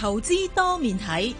投資多面睇。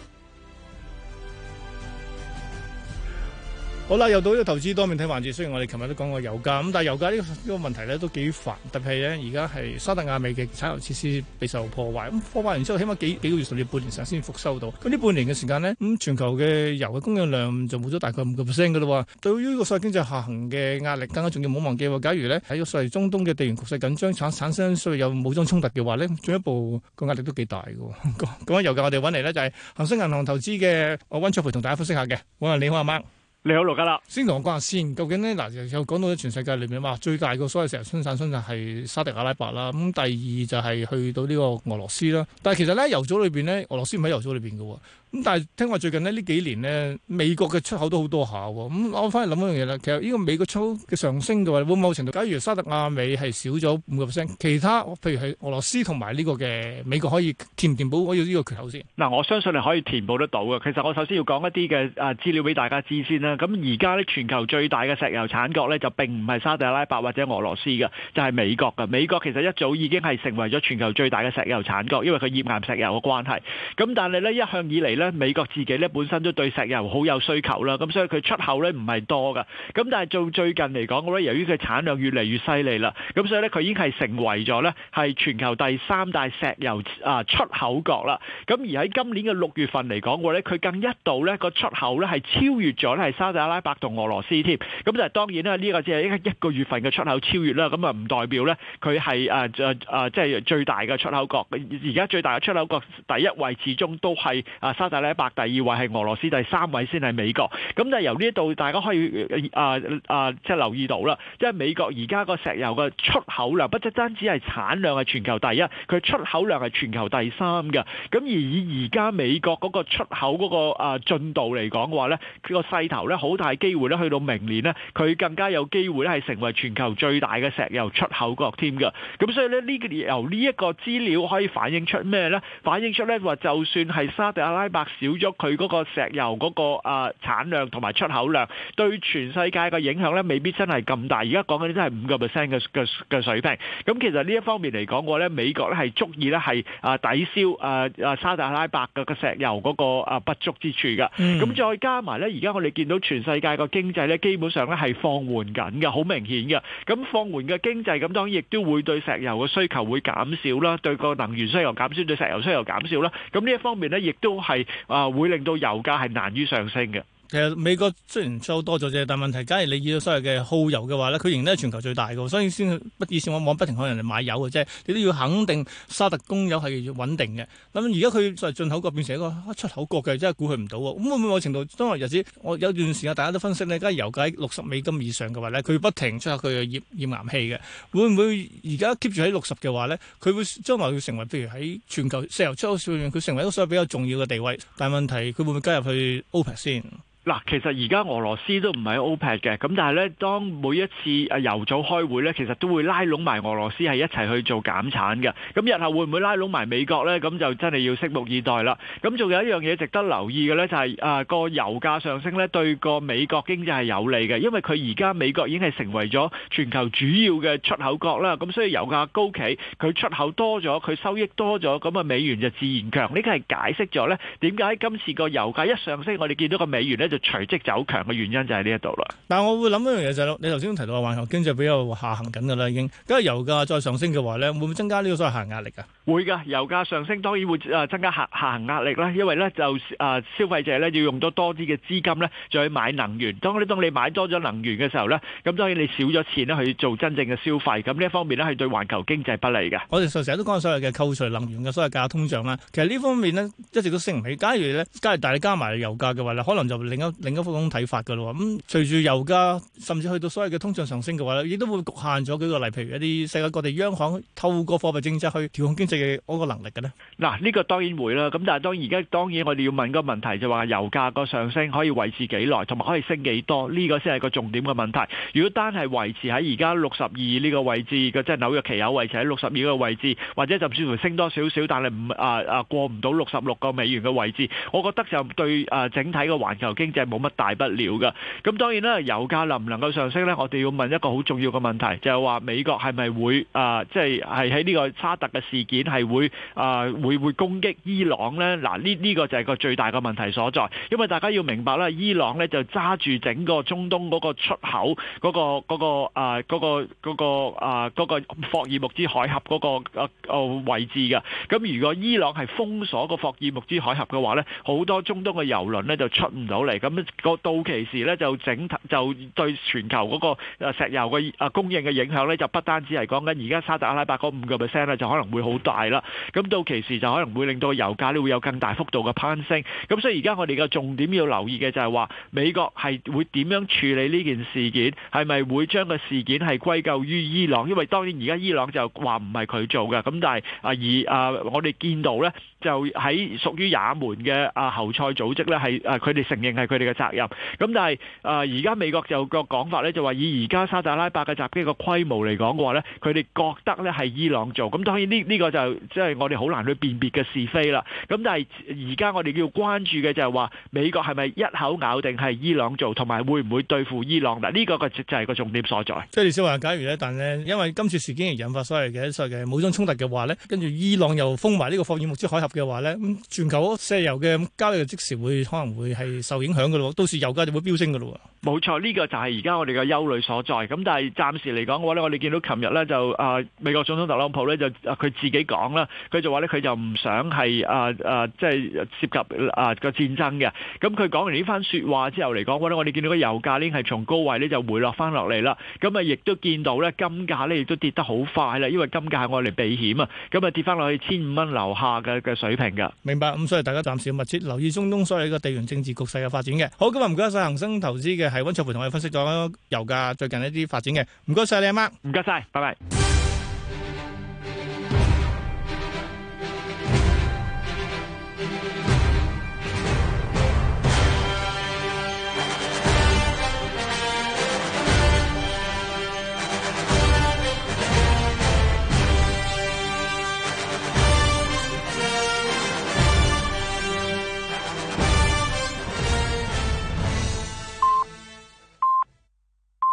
好啦，又到呢個投資多面睇環節。雖然我哋琴日都講過油價，咁但係油價呢個呢個問題咧都幾煩，特別係咧而家係沙特阿美嘅產油設施被受破壞。咁破壞完之後，起碼幾幾個月、十年、半年成先復收到。咁呢半年嘅時間咧，咁全球嘅油嘅供應量就冇咗大概五個 percent 嘅嘞。對於呢個所謂經濟下行嘅壓力，更加重要唔好忘記喎。假如咧喺個所謂中東嘅地緣局勢緊張產產生，所以有武裝衝突嘅話咧，進一步個壓力都幾大嘅。咁啊，油價我哋揾嚟咧就係、是、恒生銀行投資嘅阿温灼培同大家分析下嘅。哇，你好阿媽。媽媽你好，羅家啦先同我講下先，究竟咧嗱，又講到咗全世界裏邊啊，最大個所謂石油生產商就係沙特阿拉伯啦，咁、嗯、第二就係去到呢個俄羅斯啦。但係其實咧，油組裏邊咧，俄羅斯唔喺油組裏邊喎、哦。咁但係聽話最近呢幾年呢，美國嘅出口都好多下喎，咁我翻去諗一樣嘢啦，其實呢個美國出口嘅上升嘅話，會唔會有某程度，假如沙特阿美係少咗五個 percent，其他譬如係俄羅斯同埋呢個嘅美國可以填唔填補我要呢個缺口先？嗱，我相信你可以填補得到嘅。其實我首先要講一啲嘅啊資料俾大家知先啦。咁而家咧全球最大嘅石油產國咧就並唔係沙特阿拉伯或者俄羅斯嘅，就係、是、美國嘅。美國其實一早已經係成為咗全球最大嘅石油產國，因為佢頁岩石油嘅關係。咁但係咧一向以嚟咧美國自己咧本身都對石油好有需求啦，咁所以佢出口咧唔係多噶，咁但係做最近嚟講嘅咧，由於佢產量越嚟越犀利啦，咁所以咧佢已經係成為咗咧係全球第三大石油啊出口國啦。咁而喺今年嘅六月份嚟講嘅咧，佢更一度咧個出口咧係超越咗咧係沙特阿拉伯同俄羅斯添。咁但係當然啦，呢個只係一個一個月份嘅出口超越啦，咁啊唔代表咧佢係誒誒誒即係最大嘅出口國。而而家最大嘅出口國第一位始終都係啊沙。沙特阿拉伯第二位係俄羅斯，第三位先係美國。咁就由呢度大家可以啊啊，即、呃、係、呃呃呃、留意到啦。即、就、係、是、美國而家個石油嘅出口量，不只單止係產量係全球第一，佢出口量係全球第三嘅。咁而以而家美國嗰個出口嗰個啊進度嚟講嘅話咧，佢個勢頭咧好大機會咧去到明年呢，佢更加有機會咧係成為全球最大嘅石油出口國添嘅。咁所以咧呢由呢一個資料可以反映出咩咧？反映出咧話就算係沙特阿拉伯。少咗佢嗰個石油嗰個啊產量同埋出口量，對全世界嘅影響咧，未必真係咁大。而家講緊啲都係五個 percent 嘅嘅嘅水平。咁其實呢一方面嚟講，我咧美國咧係足以咧係啊抵消啊啊沙特阿拉伯嘅個石油嗰個啊不足之處㗎。咁再加埋咧，而家我哋見到全世界個經濟咧，基本上咧係放緩緊嘅，好明顯嘅。咁放緩嘅經濟，咁當然亦都會對石油嘅需求會減少啦，對個能源需求減少，對石油需求減少啦。咁呢一方面咧，亦都係。啊！會令到油價係難於上升嘅。其實美國雖然出口多咗啫，但問題假如你以到所謂嘅耗油嘅話咧，佢仍然都係全球最大嘅，所以先不以前往往不停向人哋買油嘅啫。你都要肯定沙特供油係要穩定嘅。咁而家佢作為進口國變成一個出口國嘅，真係估佢唔到喎。咁會唔會某程度當日時，我有段時間大家都分析呢，緊係油價喺六十美金以上嘅話咧，佢不停出下佢嘅頁頁岩氣嘅。會唔會而家 keep 住喺六十嘅話咧，佢會將來會成為譬如喺全球石油出口上面，佢成為一個所謂比較重要嘅地位。但問題佢會唔會加入去 OPEC 先？嗱，其實而家俄羅斯都唔係 OPEC 嘅，咁但係咧，當每一次啊油組開會咧，其實都會拉攏埋俄羅斯係一齊去做減產嘅。咁日後會唔會拉攏埋美國咧？咁就真係要拭目以待啦。咁仲有一樣嘢值得留意嘅咧，就係啊個油價上升咧，對個美國經濟係有利嘅，因為佢而家美國已經係成為咗全球主要嘅出口國啦。咁所以油價高企，佢出口多咗，佢收益多咗，咁啊美元就自然強。呢個係解釋咗咧點解今次個油價一上升，我哋見到個美元咧，就隨即走強嘅原因就喺呢一度啦。但係我會諗一樣嘢就係咯，你頭先提到話環球經濟比較下行緊嘅啦，已經。咁啊，油價再上升嘅話咧，會唔會增加呢個所謂下行壓力㗎？會㗎，油價上升當然會增加下下行壓力啦。因為咧就啊、呃、消費者咧要用咗多啲嘅資金咧，再去買能源。當你當你買多咗能源嘅時候咧，咁當然你少咗錢去做真正嘅消費。咁呢一方面咧係對環球經濟不利㗎。我哋成日都講所謂嘅扣除能源嘅所謂的價格通脹啦。其實呢方面咧一直都升唔起。假如咧，假如但係你加埋油價嘅話可能就令另一款睇法噶咯，咁隨住油價甚至去到所謂嘅通脹上升嘅話咧，亦都會局限咗幾個例，譬如一啲世界各地央行透過貨幣政策去調控經濟嘅嗰個能力嘅呢嗱，呢、啊這個當然會啦。咁但係當然而家當然我哋要問個問題就話，油價個上升可以維持幾耐，同埋可以升幾多？呢、這個先係個重點嘅問題。如果單係維持喺而家六十二呢個位置嘅，即係紐約期油維持喺六十二嘅位置，或者就算乎升多少少，但係唔啊啊過唔到六十六個美元嘅位置，我覺得就對啊整體嘅環球經濟就冇乜大不了噶，咁當然咧，油價能唔能夠上升咧，我哋要問一個好重要嘅問題，就係話美國係咪會啊，即係係喺呢個沙特嘅事件係會啊，會會攻擊伊朗咧？嗱，呢呢個就係個最大嘅問題所在，因為大家要明白咧，伊朗咧就揸住整個中東嗰個出口嗰個嗰個啊嗰個嗰個啊嗰個霍爾木茲海峽嗰個啊啊位置嘅，咁如果伊朗係封鎖個霍爾木茲海峽嘅話咧，好多中東嘅油輪咧就出唔到嚟。咁到期時咧，就整就對全球嗰個石油嘅供應嘅影響咧，就不單止係講緊而家沙特阿拉伯嗰五個 percent 啦，就可能會好大啦。咁到期時就可能會令到油價咧會有更大幅度嘅攀升。咁所以而家我哋嘅重點要留意嘅就係話美國係會點樣處理呢件事件？係咪會將個事件係歸咎於伊朗？因為當然而家伊朗就話唔係佢做嘅。咁但係啊而啊，我哋見到咧就喺屬於也門嘅啊胡塞組織咧係啊佢哋承認係。佢哋嘅責任咁，但係啊，而家美國就個講法咧，就話以而家沙特阿拉伯嘅襲擊個規模嚟講嘅話咧，佢哋覺得咧係伊朗做。咁當然呢呢個就即係我哋好難去辨別嘅是非啦。咁但係而家我哋要關注嘅就係話美國係咪一口咬定係伊朗做，同埋會唔會對付伊朗？嗱，呢個個就係個重點所在。即係意思話，假如咧，但係咧，因為今次事件而引發所謂嘅所謂嘅武裝衝突嘅話咧，跟住伊朗又封埋呢個霍爾木茲海峽嘅話咧，咁全球石油嘅交易即時會可能會係受影響。咁嘅咯，到時油價就會飆升嘅咯。冇錯，呢個就係而家我哋嘅憂慮所在。咁但係暫時嚟講嘅話咧，我哋見到琴日咧就啊美國總統特朗普咧就佢自己講啦，佢就話咧佢就唔想係啊啊即係涉及啊個戰爭嘅。咁佢講完呢番説話之後嚟講嘅話咧，我哋見到個油價咧係從高位咧就回落翻落嚟啦。咁啊亦都見到咧金價咧亦都跌得好快啦，因為金價係我哋避險啊。咁啊跌翻落去千五蚊樓下嘅嘅水平噶。明白。咁所以大家暫時要密切留意中東所有嘅地緣政治局勢嘅發展嘅。好，咁啊唔該曬恒生投資嘅。係溫灼培同我哋分析咗油價最近一啲發展嘅，唔該晒你阿媽，唔該晒，拜拜。